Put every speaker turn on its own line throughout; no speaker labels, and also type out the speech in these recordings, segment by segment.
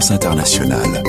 France Internationale.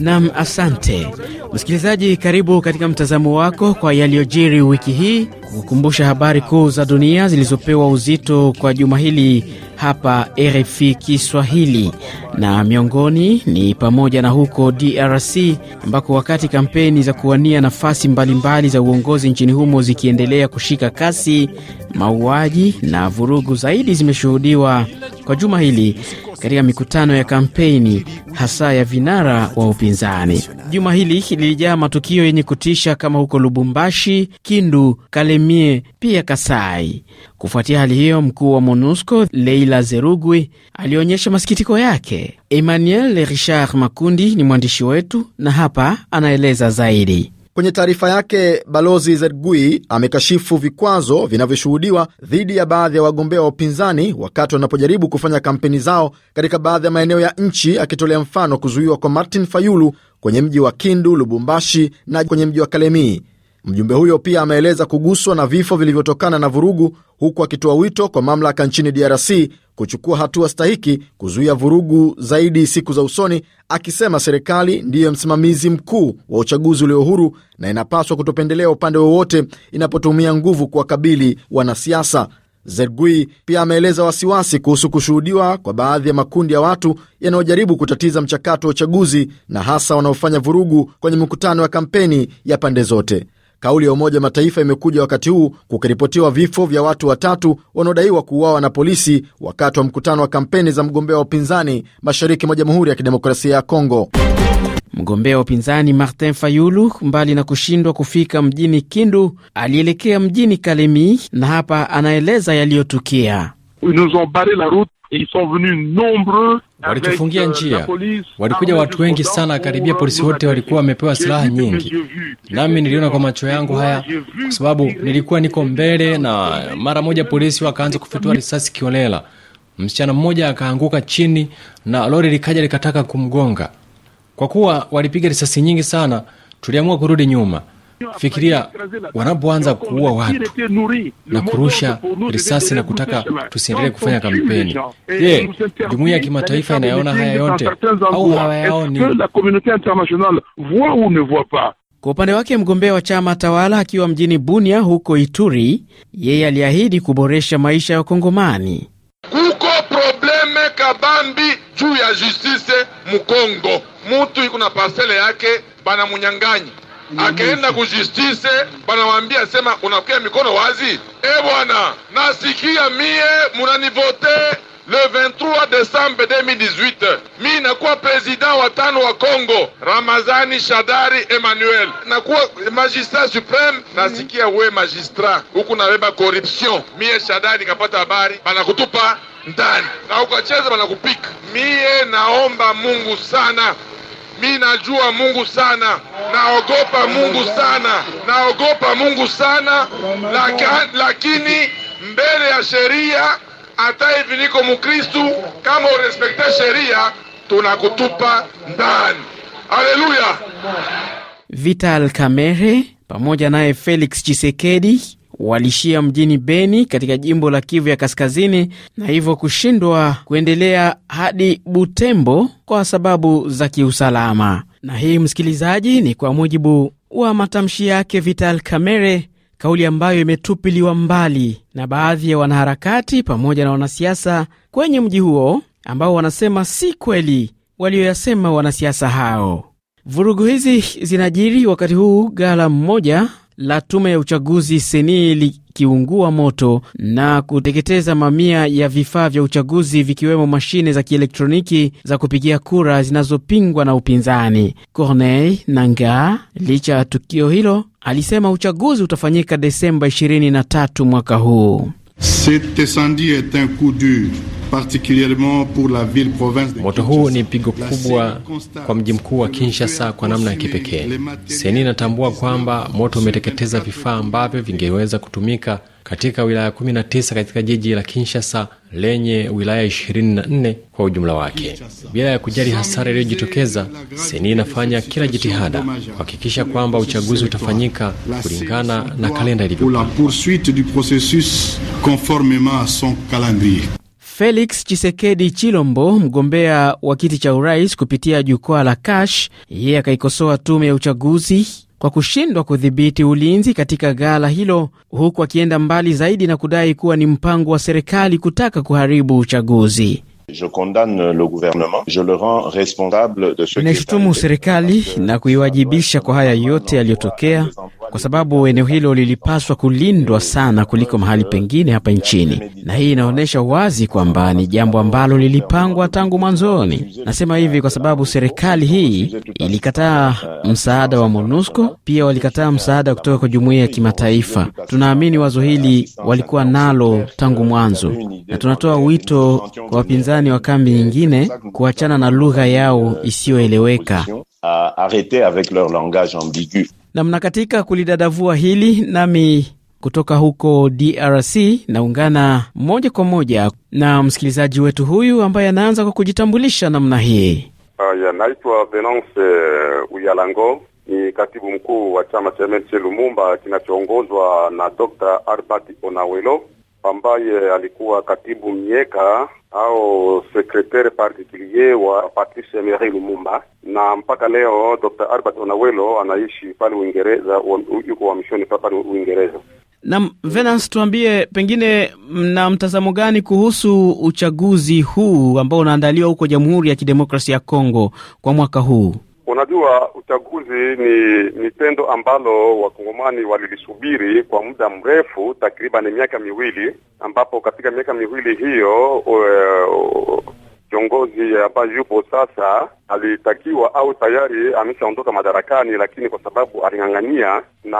Nam, asante msikilizaji, karibu katika mtazamo wako kwa yaliyojiri wiki hii kukumbusha habari kuu za dunia zilizopewa uzito kwa juma hili hapa RFI Kiswahili, na miongoni ni pamoja na huko DRC ambako wakati kampeni za kuwania nafasi mbalimbali za uongozi nchini humo zikiendelea kushika kasi, mauaji na vurugu zaidi zimeshuhudiwa kwa juma hili katika mikutano ya kampeni hasa ya vinara wa upinzani. Juma hili lilijaa matukio yenye kutisha kama huko Lubumbashi, Kindu, Kalemie, pia Kasai. Kufuatia hali hiyo, mkuu wa MONUSCO Leila Zerugwi alionyesha masikitiko yake. Emmanuel Richard Makundi ni mwandishi wetu na hapa
anaeleza zaidi. Kwenye taarifa yake, Balozi Zergui amekashifu vikwazo vinavyoshuhudiwa dhidi ya baadhi ya wagombea wa upinzani wakati wanapojaribu kufanya kampeni zao katika baadhi ya maeneo ya nchi, akitolea mfano kuzuiwa kwa Martin Fayulu kwenye mji wa Kindu, Lubumbashi na kwenye mji wa Kalemie. Mjumbe huyo pia ameeleza kuguswa na vifo vilivyotokana na vurugu, huku akitoa wito kwa mamlaka nchini DRC kuchukua hatua stahiki kuzuia vurugu zaidi siku za usoni, akisema serikali ndiyo msimamizi mkuu wa uchaguzi ulio huru na inapaswa kutopendelea upande wowote inapotumia nguvu kuwakabili wanasiasa. Zergui pia ameeleza wasiwasi kuhusu kushuhudiwa kwa baadhi ya makundi ya watu yanayojaribu kutatiza mchakato wa uchaguzi na hasa wanaofanya vurugu kwenye mikutano ya kampeni ya pande zote. Kauli ya Umoja Mataifa imekuja wakati huu kukiripotiwa vifo vya watu watatu wanaodaiwa kuuawa na polisi wakati wa mkutano wa kampeni za mgombea wa upinzani mashariki mwa Jamhuri ya Kidemokrasia ya Kongo.
Mgombea wa upinzani Martin Fayulu, mbali na kushindwa kufika mjini Kindu, alielekea mjini Kalemi na hapa anaeleza yaliyotukia.
Walitufungia njia, walikuja watu wengi sana, karibia polisi wote walikuwa wamepewa silaha nyingi, nami niliona kwa macho yangu haya, kwa sababu nilikuwa niko mbele, na mara moja polisi wakaanza kufutua risasi kiolela. Msichana mmoja akaanguka chini na lori likaja likataka kumgonga. Kwa kuwa walipiga risasi nyingi sana, tuliamua kurudi nyuma.
Fikiria wanapoanza kuua watu
na kurusha risasi na kutaka tusiendelee kufanya kampeni. Je, jumuiya ya
kimataifa inayaona haya yote au hawayaoni? Kwa upande wake mgombea wa chama tawala akiwa mjini Bunia huko Ituri, yeye aliahidi kuboresha maisha ya Wakongomani.
Kuko probleme kabambi juu ya justise Mukongo, mutu iko na parcele yake banamunyanganyi akaenda kujistise, banawambia sema, unakia mikono wazi. E bwana, nasikia mie munanivote le 23 decembre 2018 mi nakuwa president wa tano wa congo Ramazani Shadari Emmanuel, nakuwa magistrat supreme. Nasikia we magistrat huku nabeba corruption, mie Shadari nikapata habari banakutupa ndani na ukacheza banakupika. Mie naomba Mungu sana mi najua Mungu sana, naogopa Mungu sana, naogopa Mungu sana laka, lakini mbele ya sheria hata hivi niko Mukristu. Kama urespekte sheria, tunakutupa ndani. Haleluya!
Vital Kamerhe pamoja naye Felix Chisekedi walishia mjini Beni katika jimbo la Kivu ya Kaskazini na hivyo kushindwa kuendelea hadi Butembo kwa sababu za kiusalama. Na hii, msikilizaji, ni kwa mujibu wa matamshi yake Vital Kamerhe, kauli ambayo imetupiliwa mbali na baadhi ya wanaharakati pamoja na wanasiasa kwenye mji huo ambao wanasema si kweli walioyasema wanasiasa hao. Vurugu hizi zinajiri wakati huu gala mmoja la tume ya uchaguzi seni likiungua moto na kuteketeza mamia ya vifaa vya uchaguzi vikiwemo mashine za kielektroniki za kupigia kura zinazopingwa na upinzani. Corneille nanga licha ya tukio hilo, alisema uchaguzi utafanyika Desemba 23 mwaka huu.
Moto huu ni pigo kubwa kwa mji mkuu wa Kinshasa kwa namna ya kipekee. Seni inatambua kwamba moto umeteketeza vifaa ambavyo vingeweza kutumika katika wilaya 19 katika jiji la Kinshasa lenye wilaya 24 kwa ujumla wake. Bila ya kujali hasara iliyojitokeza, seni inafanya kila jitihada kuhakikisha kwamba uchaguzi utafanyika kulingana na kalenda ilivyo.
Felix Chisekedi Chilombo, mgombea wa kiti cha urais kupitia jukwaa la Kash, yeye akaikosoa tume ya uchaguzi kwa kushindwa kudhibiti ulinzi katika ghala hilo, huku akienda mbali zaidi na kudai kuwa ni mpango wa serikali kutaka kuharibu uchaguzi.
Je condamne le gouvernement, je le rends responsable de ce.
serikali na kuiwajibisha kwa haya yote yaliyotokea, kwa sababu eneo hilo lilipaswa kulindwa sana kuliko mahali pengine hapa nchini, na hii inaonyesha wazi kwamba ni jambo ambalo lilipangwa tangu mwanzoni. Nasema hivi kwa sababu serikali hii ilikataa msaada wa MONUSCO, pia walikataa msaada kutoka kwa jumuiya ya kimataifa. Tunaamini wazo hili walikuwa nalo tangu mwanzo, na tunatoa wito kwa wapinzani wapinzani wa kambi nyingine kuachana na lugha yao isiyoeleweka. Namna katika kulidadavua hili, nami kutoka huko DRC naungana moja kwa moja na msikilizaji wetu huyu ambaye anaanza kwa kujitambulisha namna hii.
Haya, ah, naitwa Benonce eh, Uyalango, ni katibu mkuu wa chama cha MNC Lumumba kinachoongozwa na Dr. Arbat Onawelo ambaye alikuwa katibu Mieka au sekretere particulier wa Patrice Emery Lumumba, na mpaka leo Dr. Albert Onawelo anaishi pale Uingereza, yuko uhamishoni pale Uingereza.
Na Venance, tuambie pengine mna mtazamo gani kuhusu uchaguzi huu ambao unaandaliwa huko Jamhuri ya Kidemokrasia ya Kongo kwa mwaka huu?
Unajua, uchaguzi ni ni tendo ambalo wakongomani walilisubiri kwa muda mrefu, takriban miaka miwili, ambapo katika miaka miwili hiyo eh, kiongozi ambaye yupo sasa alitakiwa au tayari ameshaondoka madarakani, lakini kwa sababu aling'ang'ania, na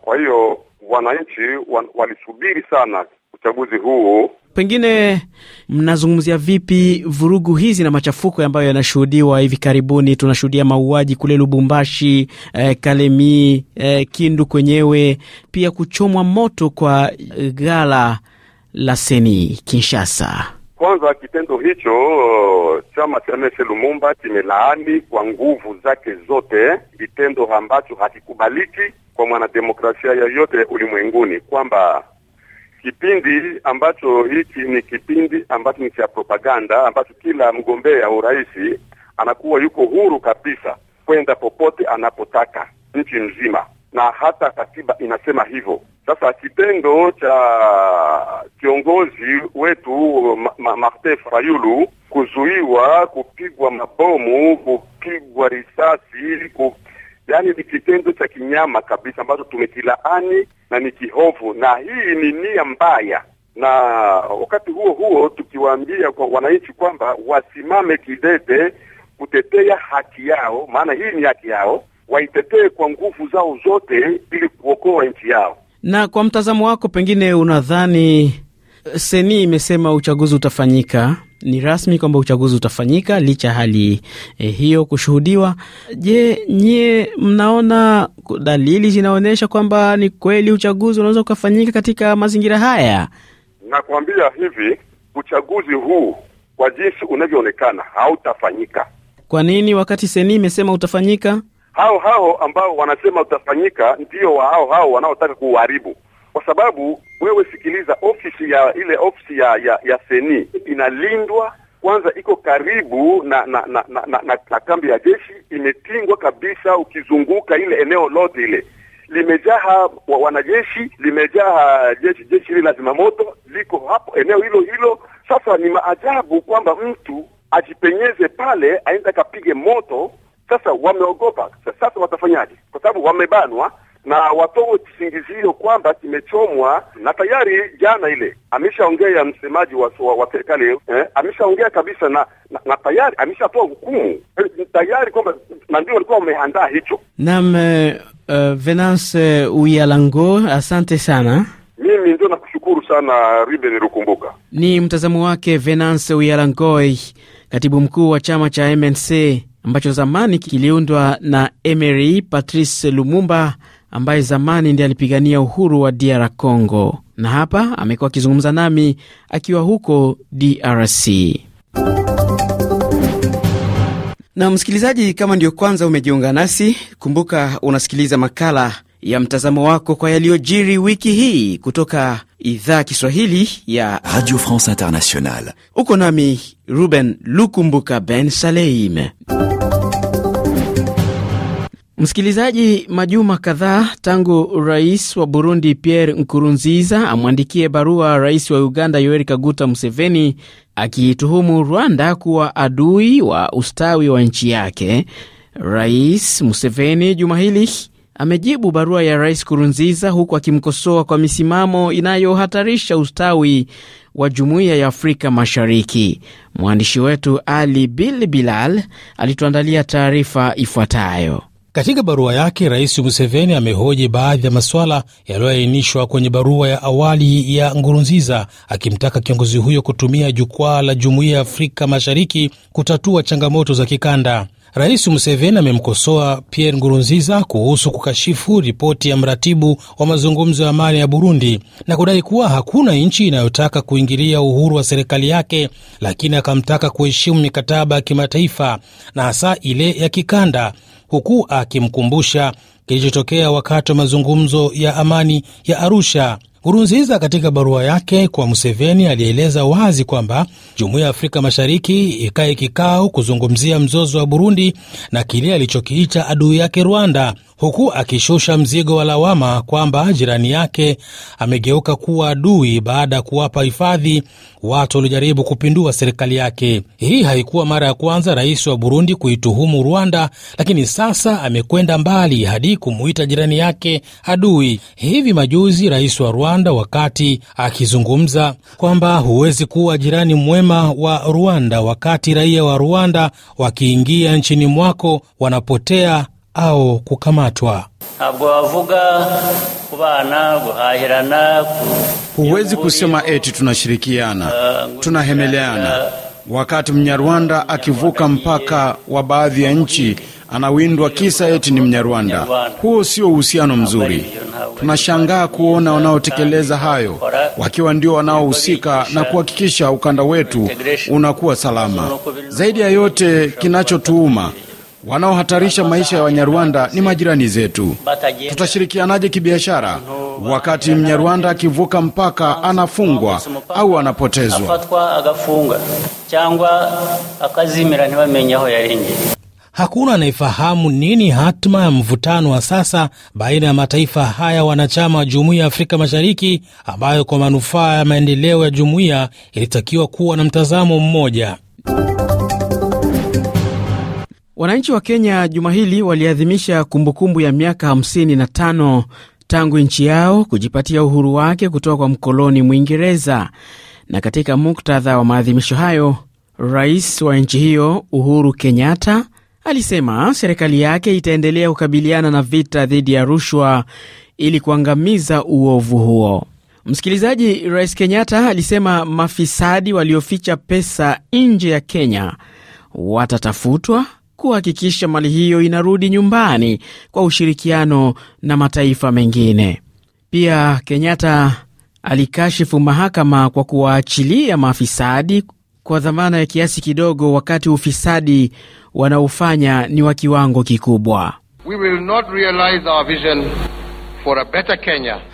kwa hiyo wananchi walisubiri sana uchaguzi
huu Pengine mnazungumzia vipi vurugu hizi na machafuko ambayo yanashuhudiwa hivi karibuni? Tunashuhudia mauaji kule Lubumbashi, eh, Kalemi, eh, Kindu kwenyewe, pia kuchomwa moto kwa eh, ghala la Seni Kinshasa.
Kwanza kitendo hicho chama cha Mese Lumumba kimelaani kwa nguvu zake zote kitendo ambacho hakikubaliki kwa mwanademokrasia yoyote ulimwenguni kwamba kipindi ambacho hiki ni kipindi ambacho ni cha propaganda, ambacho kila mgombea urais anakuwa yuko huru kabisa kwenda popote anapotaka nchi nzima, na hata katiba inasema hivyo. Sasa kitendo cha kiongozi wetu ma, ma, Martin Fayulu kuzuiwa, kupigwa mabomu, kupigwa risasi, kupigwa yaani ni kitendo cha kinyama kabisa ambacho tumekilaani na ni kihovu, na hii ni nia mbaya na wakati huo huo tukiwaambia kwa wananchi kwamba wasimame kidete kutetea haki yao, maana hii ni haki yao, waitetee kwa nguvu zao zote ili kuokoa nchi yao.
Na kwa mtazamo wako, pengine unadhani Seni imesema uchaguzi utafanyika. Ni rasmi kwamba uchaguzi utafanyika licha hali eh, hiyo kushuhudiwa. Je, nyie mnaona dalili zinaonyesha kwamba ni kweli uchaguzi unaweza ukafanyika katika mazingira haya?
Nakwambia hivi, uchaguzi huu kwa jinsi unavyoonekana hautafanyika.
Kwa nini, wakati Seni imesema utafanyika?
Hao hao ambao wanasema utafanyika ndio wa hao hao wanaotaka kuuharibu kwa sababu wewe sikiliza, ofisi ya ile ofisi ya ya, ya seni inalindwa kwanza, iko karibu na na na, na, na, na, na kambi ya jeshi, imetingwa kabisa. Ukizunguka ile eneo lote ile limejaa wa wanajeshi, limejaa jeshi jeshi ile la zimamoto liko hapo eneo hilo hilo. Sasa ni maajabu kwamba mtu ajipenyeze pale aende akapige moto. Sasa wameogopa. Sasa watafanyaje? Kwa sababu wamebanwa na watoe kisingizio kwamba kimechomwa, na tayari jana ile ameshaongea msemaji wa, wa, wa serikali eh, ameshaongea kabisa na, na, na tayari ameshatoa hukumu eh, tayari kwamba na ndio walikuwa wameandaa hicho.
nam uh, eh, eh, Venance eh, Uyalango, asante sana.
Mimi ndio nakushukuru sana ribe nirukumbuka
Ni mtazamo wake Venance Uyalangoi, katibu mkuu wa chama cha MNC ambacho zamani kiliundwa na Emery Patrice Lumumba ambaye zamani ndiye alipigania uhuru wa DR Congo, na hapa amekuwa akizungumza nami akiwa huko DRC. Na msikilizaji, kama ndiyo kwanza umejiunga nasi, kumbuka unasikiliza makala ya mtazamo wako kwa yaliyojiri wiki hii kutoka idhaa Kiswahili ya Radio France Internationale. Uko nami Ruben Lukumbuka Ben Saleim. Msikilizaji, majuma kadhaa tangu rais wa Burundi Pierre Nkurunziza amwandikie barua rais wa Uganda Yoweri Kaguta Museveni akiituhumu Rwanda kuwa adui wa ustawi wa nchi yake, Rais Museveni juma hili amejibu barua ya rais Kurunziza huku akimkosoa kwa misimamo inayohatarisha ustawi wa jumuiya ya Afrika Mashariki. Mwandishi wetu Ali Bil Bilal alituandalia taarifa ifuatayo. Katika barua
yake, Rais Museveni amehoji baadhi ya masuala yaliyoainishwa kwenye barua ya awali ya Ngurunziza, akimtaka kiongozi huyo kutumia jukwaa la Jumuiya ya Afrika Mashariki kutatua changamoto za kikanda. Rais Museveni amemkosoa Pierre Ngurunziza kuhusu kukashifu ripoti ya mratibu wa mazungumzo ya amani ya Burundi na kudai kuwa hakuna nchi inayotaka kuingilia uhuru wa serikali yake, lakini akamtaka kuheshimu mikataba ya kimataifa na hasa ile ya kikanda huku akimkumbusha kilichotokea wakati wa mazungumzo ya amani ya Arusha. Nkurunziza katika barua yake kwa Museveni alieleza wazi kwamba jumuiya ya Afrika Mashariki ikae kikao kuzungumzia mzozo wa Burundi na kile alichokiita adui yake Rwanda, huku akishusha mzigo wa lawama kwamba jirani yake amegeuka kuwa adui baada ya kuwapa hifadhi watu waliojaribu kupindua serikali yake. Hii haikuwa mara ya kwanza rais wa Burundi kuituhumu Rwanda, lakini sasa amekwenda mbali hadi kumuita jirani yake adui. Hivi majuzi rais wa Rwanda Rwanda wakati akizungumza kwamba huwezi kuwa jirani mwema wa Rwanda wakati raia wa Rwanda wakiingia nchini mwako wanapotea au kukamatwa. Huwezi kusema eti tunashirikiana, uh, tunahemeleana uh, Wakati Mnyarwanda akivuka mpaka wa baadhi ya nchi anawindwa kisa eti ni Mnyarwanda. Huo sio uhusiano mzuri. Tunashangaa kuona wanaotekeleza hayo wakiwa ndio wanaohusika na kuhakikisha ukanda wetu unakuwa salama. Zaidi ya yote, kinachotuuma Wanaohatarisha maisha ya Wanyarwanda ni majirani zetu. Tutashirikianaje kibiashara wakati Mnyarwanda akivuka mpaka anafungwa au anapotezwa? Hakuna anayefahamu nini hatma ya mvutano wa sasa baina ya mataifa haya wanachama wa jumuiya ya Afrika Mashariki, ambayo kwa manufaa ya maendeleo ya jumuiya ilitakiwa kuwa na mtazamo mmoja.
Wananchi wa Kenya juma hili waliadhimisha kumbukumbu ya miaka 55 tangu nchi yao kujipatia uhuru wake kutoka kwa mkoloni Mwingereza. Na katika muktadha wa maadhimisho hayo, rais wa nchi hiyo Uhuru Kenyatta alisema serikali yake itaendelea kukabiliana na vita dhidi ya rushwa ili kuangamiza uovu huo. Msikilizaji, Rais Kenyatta alisema mafisadi walioficha pesa nje ya Kenya watatafutwa kuhakikisha mali hiyo inarudi nyumbani kwa ushirikiano na mataifa mengine. Pia Kenyatta alikashifu mahakama kwa kuwaachilia maafisadi kwa dhamana ya kiasi kidogo, wakati ufisadi wanaofanya ni wa kiwango kikubwa.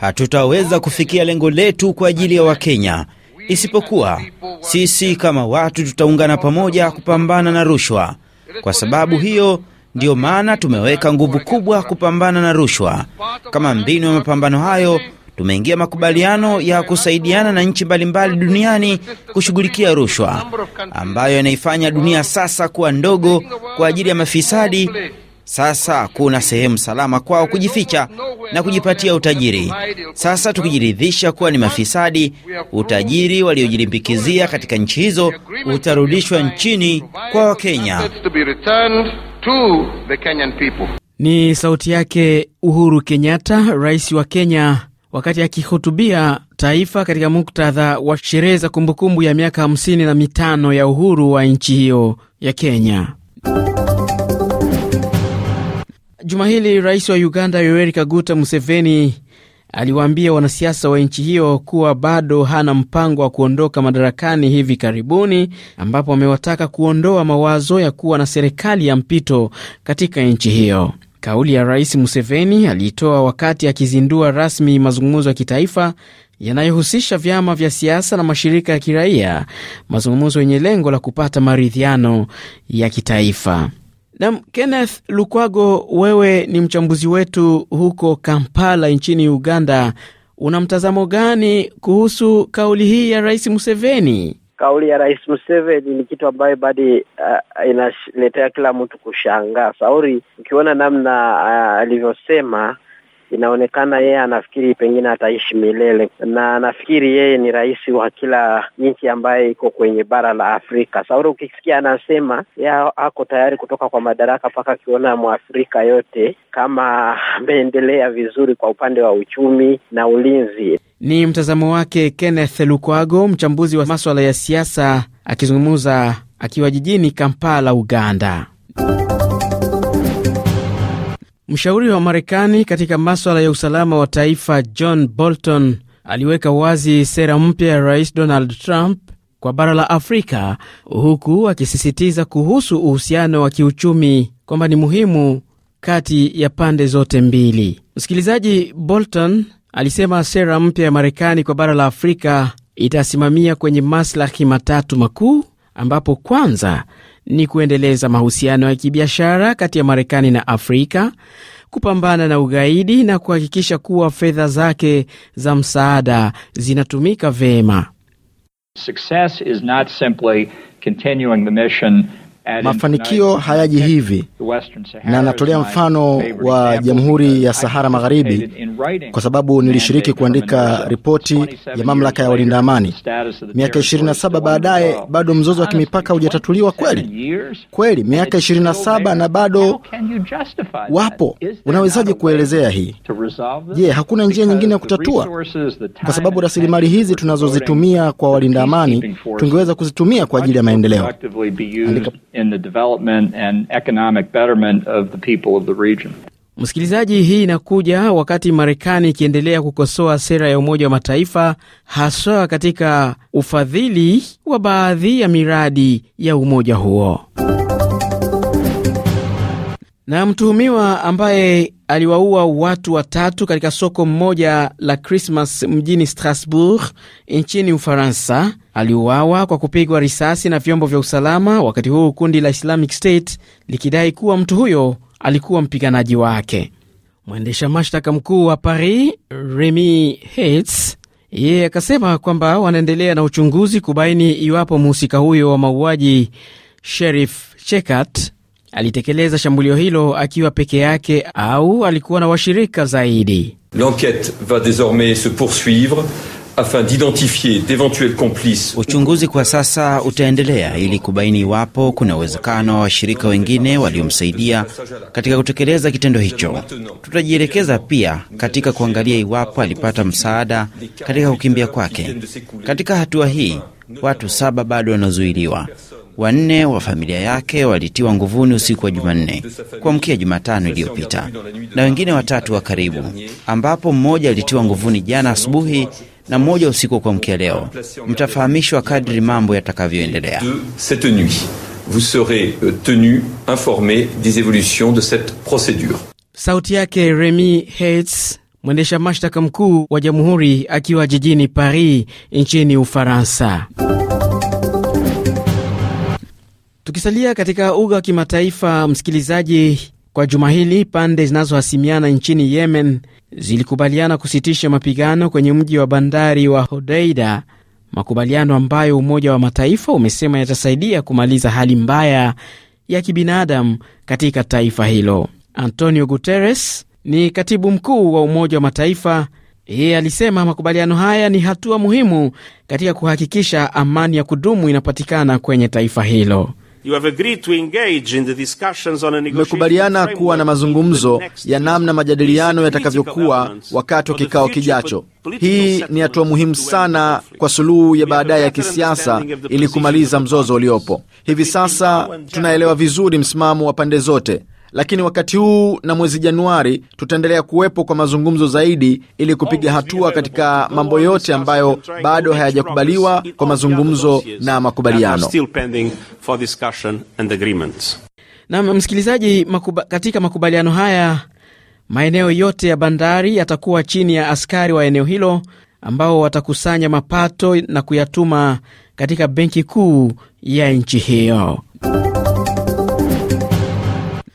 Hatutaweza kufikia lengo letu kwa ajili ya
Wakenya isipokuwa sisi kama watu tutaungana pamoja kupambana na rushwa. Kwa sababu hiyo ndiyo maana tumeweka nguvu kubwa kupambana na rushwa. Kama mbinu ya mapambano hayo, tumeingia makubaliano ya kusaidiana na nchi mbalimbali duniani kushughulikia rushwa, ambayo inaifanya dunia sasa kuwa ndogo kwa ajili ya mafisadi sasa kuna sehemu salama kwao kujificha na kujipatia utajiri. Sasa tukijiridhisha kuwa ni mafisadi, utajiri waliojilimbikizia katika nchi hizo utarudishwa nchini kwa
Wakenya.
Ni sauti yake Uhuru Kenyatta, rais wa Kenya, wakati akihutubia taifa katika muktadha wa sherehe za kumbukumbu ya miaka hamsini na mitano ya uhuru wa nchi hiyo ya Kenya. Juma hili rais wa Uganda Yoweri Kaguta Museveni aliwaambia wanasiasa wa nchi hiyo kuwa bado hana mpango wa kuondoka madarakani hivi karibuni, ambapo amewataka kuondoa mawazo ya kuwa na serikali ya mpito katika nchi hiyo. Kauli ya rais Museveni aliitoa wakati akizindua rasmi mazungumzo ya kitaifa yanayohusisha vyama vya siasa na mashirika ya kiraia, mazungumzo yenye lengo la kupata maridhiano ya kitaifa. Nam Kenneth Lukwago, wewe ni mchambuzi wetu huko Kampala nchini Uganda, una mtazamo gani kuhusu kauli hii ya Rais Museveni? Kauli ya Rais Museveni ni kitu ambayo bado uh, inaletea kila mtu kushangaa sauri, ukiona namna uh, alivyosema inaonekana yeye anafikiri pengine ataishi milele, na nafikiri yeye ni rais wa kila nchi ambaye iko kwenye bara la Afrika. Sauri ukisikia anasema ye ako tayari kutoka kwa madaraka mpaka akiona Mwafrika yote kama ameendelea vizuri kwa upande wa uchumi na ulinzi. Ni mtazamo wake Kenneth Lukwago, mchambuzi wa maswala ya siasa, akizungumza akiwa jijini Kampala, Uganda. Mshauri wa Marekani katika maswala ya usalama wa taifa John Bolton aliweka wazi sera mpya ya Rais Donald Trump kwa bara la Afrika, huku akisisitiza kuhusu uhusiano wa kiuchumi kwamba ni muhimu kati ya pande zote mbili. Msikilizaji, Bolton alisema sera mpya ya Marekani kwa bara la Afrika itasimamia kwenye maslahi matatu makuu, ambapo kwanza ni kuendeleza mahusiano ya kibiashara kati ya Marekani na Afrika, kupambana na ugaidi na kuhakikisha kuwa fedha zake za msaada zinatumika
vyema.
Success is not simply continuing the mission Mafanikio
hayaji hivi, na natolea mfano wa Jamhuri ya Sahara Magharibi kwa sababu nilishiriki kuandika ripoti ya mamlaka ya walinda amani. Miaka 27 baadaye, bado mzozo wa kimipaka hujatatuliwa kweli? Kweli, miaka 27 na bado wapo. Unawezaje kuelezea hii?
Je, hakuna njia nyingine ya kutatua? Kwa sababu rasilimali hizi
tunazozitumia kwa walinda amani tungeweza kuzitumia kwa ajili ya maendeleo.
Andika in the development and economic betterment of the people of the region.
Msikilizaji, hii
inakuja wakati Marekani ikiendelea kukosoa sera ya Umoja wa Mataifa haswa katika ufadhili wa baadhi ya miradi ya umoja huo. Na mtuhumiwa ambaye aliwaua watu watatu katika soko mmoja la Krismas mjini Strasbourg nchini Ufaransa aliuawa kwa kupigwa risasi na vyombo vya usalama, wakati huu kundi la Islamic State likidai kuwa mtu huyo alikuwa mpiganaji wake. Mwendesha mashtaka mkuu wa Paris Remy Heitz yeye akasema kwamba wanaendelea na uchunguzi kubaini iwapo mhusika huyo wa mauaji Sherif Chekat alitekeleza shambulio hilo akiwa peke yake au alikuwa na washirika zaidi.
L'enquête va désormais se poursuivre afin d'identifier d'eventuels complices.
Uchunguzi kwa sasa utaendelea ili kubaini iwapo kuna uwezekano wa washirika wengine waliomsaidia katika kutekeleza kitendo hicho. Tutajielekeza pia katika kuangalia iwapo alipata msaada katika kukimbia kwake. Katika hatua hii watu saba bado wanazuiliwa Wanne wa familia yake walitiwa nguvuni usiku wa Jumanne kuamkia Jumatano iliyopita na wengine watatu wa karibu, ambapo mmoja alitiwa nguvuni jana asubuhi na mmoja usiku wa kuamkia leo. Mtafahamishwa kadri mambo yatakavyoendelea.
Vous serez euh, tenu des evolutions de cette procedure.
Sauti yake Remy Heitz, mwendesha mashtaka mkuu wa jamhuri akiwa jijini Paris nchini Ufaransa. Tukisalia katika uga wa kimataifa, msikilizaji, kwa juma hili pande zinazohasimiana nchini Yemen zilikubaliana kusitisha mapigano kwenye mji wa bandari wa Hodeida, makubaliano ambayo Umoja wa Mataifa umesema yatasaidia kumaliza hali mbaya ya kibinadamu katika taifa hilo. Antonio Guterres ni katibu mkuu wa Umoja wa Mataifa. Yeye alisema makubaliano haya ni hatua muhimu katika kuhakikisha amani ya kudumu inapatikana kwenye taifa hilo.
Mmekubaliana kuwa na mazungumzo ya namna majadiliano yatakavyokuwa wakati wa kikao kijacho. Hii ni hatua muhimu sana kwa suluhu ya baadaye ya kisiasa ili kumaliza mzozo uliopo hivi sasa. Tunaelewa vizuri msimamo wa pande zote lakini wakati huu na mwezi Januari tutaendelea kuwepo kwa mazungumzo zaidi ili kupiga hatua katika mambo yote ambayo bado hayajakubaliwa kwa mazungumzo na makubaliano.
Nam msikilizaji, makuba, katika makubaliano haya maeneo yote ya bandari yatakuwa chini ya askari wa eneo hilo ambao watakusanya mapato na kuyatuma katika benki kuu ya nchi hiyo.